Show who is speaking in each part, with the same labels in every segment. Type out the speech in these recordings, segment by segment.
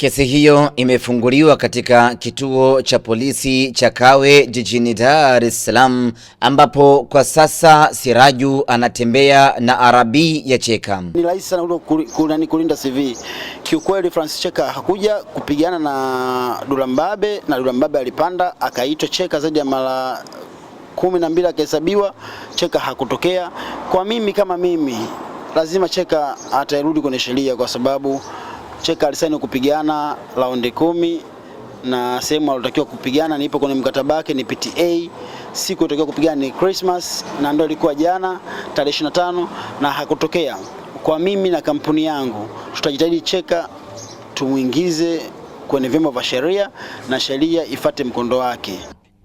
Speaker 1: Kesi hiyo imefunguliwa katika kituo cha polisi cha Kawe jijini Dar es Salaam ambapo kwa sasa Siraju anatembea na Arabi ya Cheka.
Speaker 2: Ni rahisi sana kunani kulinda CV. Kiukweli Francis Cheka hakuja kupigana na Durambabe na Durambabe alipanda akaitwa Cheka zaidi ya mara kumi na mbili akahesabiwa, Cheka hakutokea. Kwa mimi kama mimi, lazima Cheka atarudi kwenye sheria kwa sababu Cheka alisaini kupigana raundi kumi na sehemu alotakiwa kupigana nipo kwenye mkataba wake ni PTA. Siku alitakiwa kupigana ni Christmas na ndio ilikuwa jana tarehe 25 na hakutokea. Kwa mimi na kampuni yangu tutajitahidi Cheka tumuingize kwenye vyombo vya sheria na sheria ifate mkondo wake.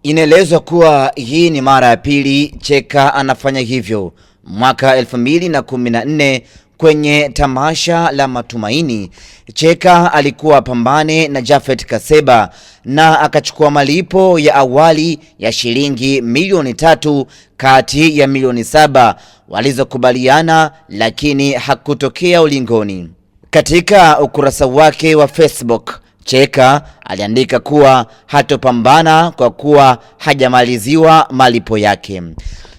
Speaker 1: Inaelezwa kuwa hii ni mara ya pili Cheka anafanya hivyo. Mwaka 2014 Kwenye tamasha la Matumaini, Cheka alikuwa pambane na jafet Kaseba na akachukua malipo ya awali ya shilingi milioni tatu kati ya milioni saba walizokubaliana, lakini hakutokea ulingoni. Katika ukurasa wake wa Facebook, Cheka aliandika kuwa hatopambana kwa kuwa hajamaliziwa malipo yake.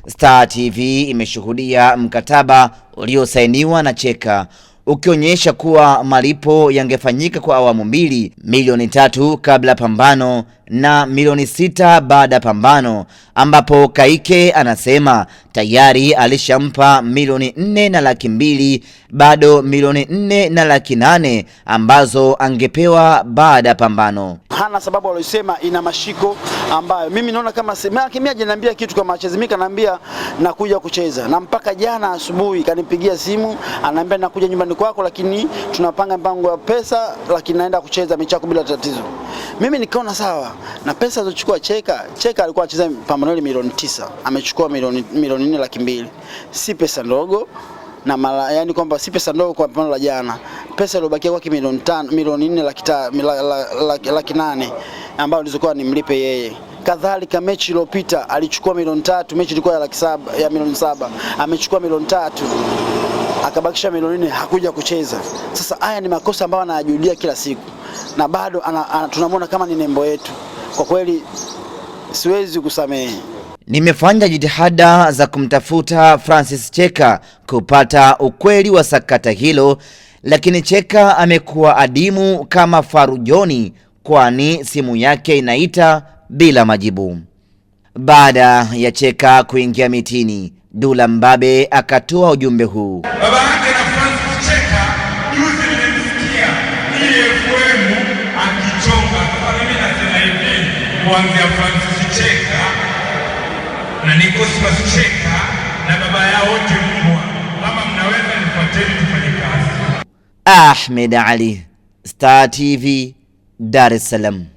Speaker 1: Star TV imeshuhudia mkataba uliosainiwa na Cheka ukionyesha kuwa malipo yangefanyika kwa awamu mbili, milioni tatu kabla pambano na milioni sita baada ya pambano, ambapo Kaike anasema tayari alishampa milioni nne na laki mbili bado milioni nne na laki nane ambazo angepewa baada ya pambano.
Speaker 2: Hana sababu aliyosema ina mashiko ambayo mimi naona kama mimi ajaniambia kitu kama mimi naambia nakuja kucheza, na mpaka jana asubuhi kanipigia simu anaambia nakuja nyumbani kwako, lakini tunapanga mpango wa pesa, lakini naenda kucheza michako bila tatizo. Mimi nikaona sawa na pesa alizochukua Cheka, Cheka alikuwa anacheza Pambanoli milioni tisa, amechukua milioni milioni nne laki mbili, si pesa ndogo na mara yani kwamba si pesa ndogo kwa pambano la jana. Pesa iliyobakia kwake milioni tano milioni nne laki, laki, laki nane ambayo nilizokuwa nimlipe yeye. Kadhalika mechi iliyopita alichukua milioni tatu, mechi ilikuwa ya laki saba, ya milioni saba amechukua milioni tatu akabakisha milioni nne hakuja kucheza. Sasa haya ni makosa ambayo anayajudia kila siku na bado ana, tunamwona kama ni nembo yetu kwa kweli siwezi kusamehe.
Speaker 1: Nimefanya jitihada za kumtafuta Francis Cheka kupata ukweli wa sakata hilo, lakini Cheka amekuwa adimu kama farujoni kwani simu yake inaita bila majibu. Baada ya Cheka kuingia mitini, Dula Mbabe akatoa ujumbe huu
Speaker 3: Baba. kuanzia Francis Cheka na Nicolas Cheka na baba yao wote mbwa. Kama mnaweza nifuateni tufanye kazi.
Speaker 1: Ahmed Ali, Star TV, Dar es Salaam.